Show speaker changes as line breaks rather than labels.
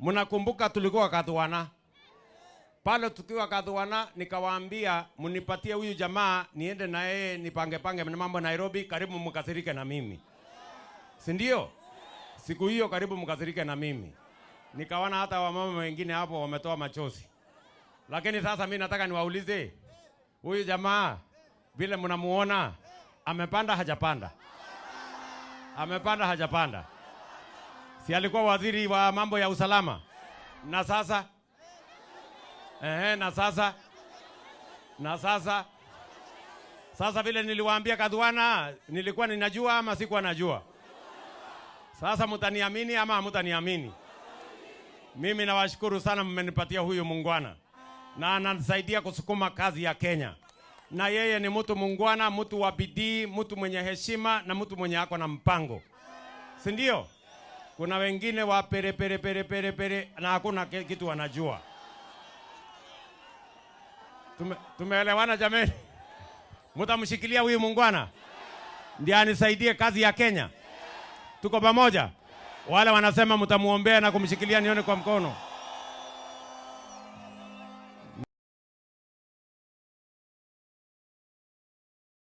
mnakumbuka tulikuwa kadhuana pale tukiwa kadhuana, nikawaambia mnipatie huyu jamaa niende na yeye nipange pange mambo Nairobi, karibu mkasirike na mimi, si ndio? Siku hiyo karibu mkasirike na mimi, nikaona hata wamama wengine hapo wametoa machozi. Lakini sasa mi nataka niwaulize huyu jamaa, vile mnamuona amepanda hajapanda? Amepanda hajapanda? Si alikuwa waziri wa mambo ya usalama? Na sasa? Ehe, na sasa? Na sasa? Sasa vile niliwaambia kadhuana nilikuwa ninajua ama sikuwa najua? Sasa mtaniamini ama hamtaniamini? Mimi nawashukuru sana, mmenipatia huyu mungwana na ananisaidia kusukuma kazi ya Kenya. Na yeye ni mtu mungwana, mtu wa bidii, mtu mwenye heshima na mtu mwenye ako na mpango, si ndio? Kuna wengine wa pere pere pere pere pere na hakuna kitu wanajua. Tume, tumeelewana jameni? Mutamshikilia huyu mungwana ndiye anisaidie kazi ya Kenya. Tuko pamoja? Wale wanasema mtamuombea na kumshikilia nione kwa mkono.